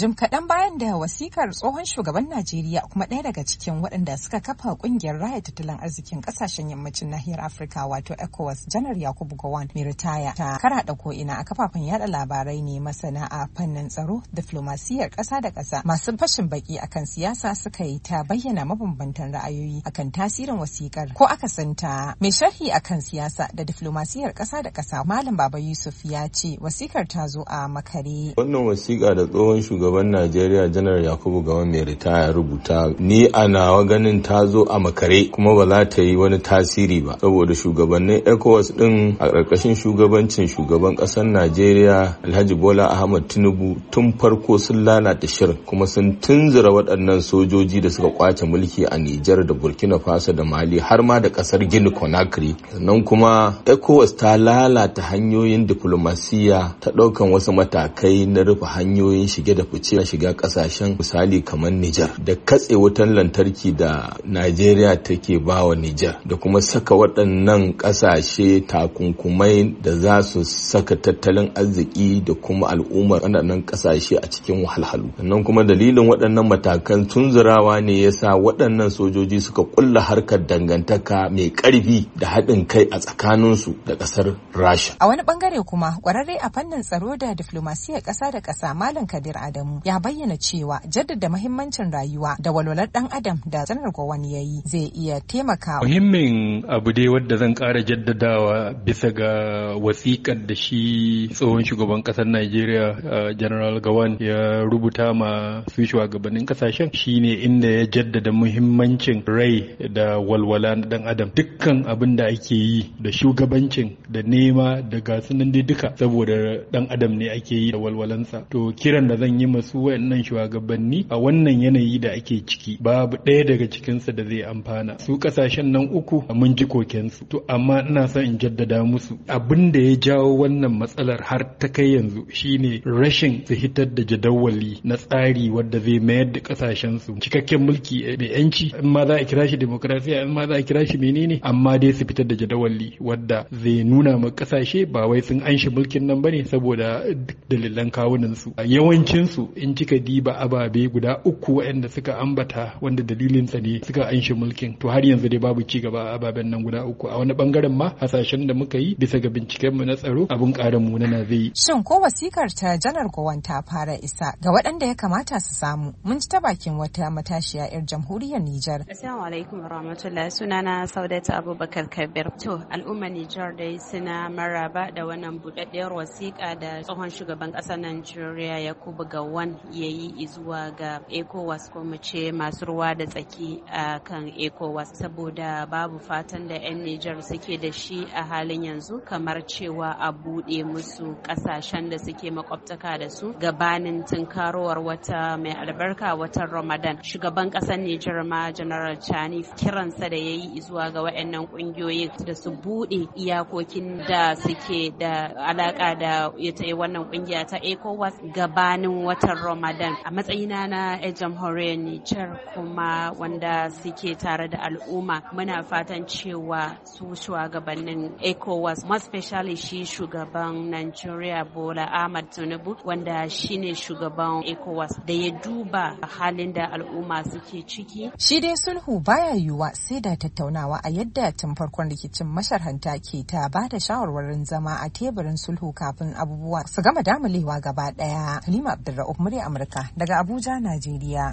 Jim kaɗan bayan da wasikar tsohon shugaban Najeriya kuma ɗaya daga cikin waɗanda suka kafa ƙungiyar raya tattalin arzikin ƙasashen yammacin nahiyar Afirka wato ECOWAS janar Yakubu Gowon mai ritaya ta da ko'ina a kafafen yada labarai ne masana a fannin tsaro diflomasiyyar ƙasa da ƙasa masu fashin baki akan siyasa suka yi ta bayyana mabambantan ra'ayoyi akan tasirin wasikar ko aka san ta mai sharhi akan siyasa da diflomasiyyar ƙasa da ƙasa Malam Baba Yusuf ya ce wasikar ta zo a makare. Wannan wasiƙa da tsohon shugaban shugaban najeriya janar yakubu gawan mai ritaya rubuta ni a nawa ganin ta zo a makare kuma ba za ta yi wani tasiri ba saboda shugabannin ecowas din a ƙarƙashin shugabancin shugaban ƙasar najeriya alhaji bola ahmad tinubu tun farko sun lalata shirin kuma sun tunzura waɗannan sojoji da suka kwace mulki a nijar da burkina faso da mali har ma da ƙasar gini conakry sannan kuma ecowas ta lalata hanyoyin diplomasiya ta ɗaukan wasu matakai na rufe hanyoyin shige da fice ce shiga kasashen misali kamar Nijar da katse wutan lantarki da Najeriya take bawa Nijar da kuma saka waɗannan kasashe takunkumai da za su saka tattalin arziki da kuma al'ummar waɗannan kasashe a cikin wahalhalu. Sannan kuma dalilin waɗannan matakan tunzurawa ne ya sa waɗannan sojoji suka kulla harkar dangantaka mai ƙarfi da haɗin kai a tsakaninsu da ƙasar Rasha. A wani bangare kuma ƙwararre a fannin tsaro da diflomasiyar ƙasa da ƙasa Malam Kabir Adam Adamu ya bayyana cewa jaddada mahimmancin rayuwa da walwalar dan adam da sanar ga ya yi zai iya taimakawa. Muhimmin abu dai wadda zan ƙara jaddadawa bisa ga wasikar da shi tsohon shugaban ƙasar Najeriya General Gawan ya rubuta ma su shugabannin ƙasashen shine inda ya jaddada muhimmancin rai da walwala na dan adam dukkan abin da ake yi da shugabancin da nema da gasunan dai duka saboda dan adam ne ake yi da walwalansa to kiran da zan yi ma masu wayannan shugabanni a wannan yanayi da ake ciki babu ɗaya daga cikinsa da zai amfana su ƙasashen nan uku a mun ji kokensu to amma ina son in jaddada musu abin da ya jawo wannan matsalar har ta kai yanzu shine rashin su hitar da jadawali na tsari wadda zai mayar da kasashen su cikakken mulki mai eh, yanci in ma za a kira shi demokrasiya in ma za a kira shi menene amma dai su fitar da jadawali wadda zai nuna ma kasashe ba wai sun an mulkin nan bane saboda dalilan kawunan su yawancin su su in kika diba ababe guda uku waɗanda suka ambata wanda dalilin sa ne suka anshi mulkin to har yanzu dai babu cigaba a ababen nan guda uku a wani bangaren ma hasashen da muka yi bisa ga binciken mu na tsaro abun mu na zai shin ko wasikar ta janar gowan ta fara isa ga waɗanda ya kamata su samu mun ji ta bakin wata matashiya yar jamhuriyar Nijar assalamu alaikum warahmatullahi sunana saudata Abubakar Kabir to al'umma Nijar dai suna maraba da wannan budaddiyar wasika da tsohon shugaban ƙasar Najeriya Yakubu ga wan ya yi zuwa ga ecowas ko mu ce masu ruwa da tsaki a kan ecowas saboda babu fatan da 'yan nijar suke da shi a halin yanzu kamar cewa a buɗe musu ƙasashen da suke makwabtaka da su gabanin tunkarowar wata mai albarka watan ramadan shugaban ƙasar nijar ma general chani kiransa da ya yi zuwa ga waɗannan ƙungiyoyi da su buɗe iyakokin da suke da alaƙa da ita wannan ƙungiya ta ecowas gabanin wata watan Ramadan a matsayina na yan jamhuriyar Nijar kuma wanda suke tare da al'umma muna fatan cewa su shugabannin ECOWAS ma specially shi shugaban Nigeria Bola Ahmad Tinubu wanda shine shugaban ECOWAS da ya duba halin da al'umma suke ciki. Shi dai sulhu baya yiwuwa sai da tattaunawa a yadda tun farkon rikicin masharhanta ke ta ba da shawarwarin zama a teburin sulhu kafin abubuwa su gama damulewa gaba daya. Halima Abdulra'u of murya Amurka daga Abuja, Najeriya.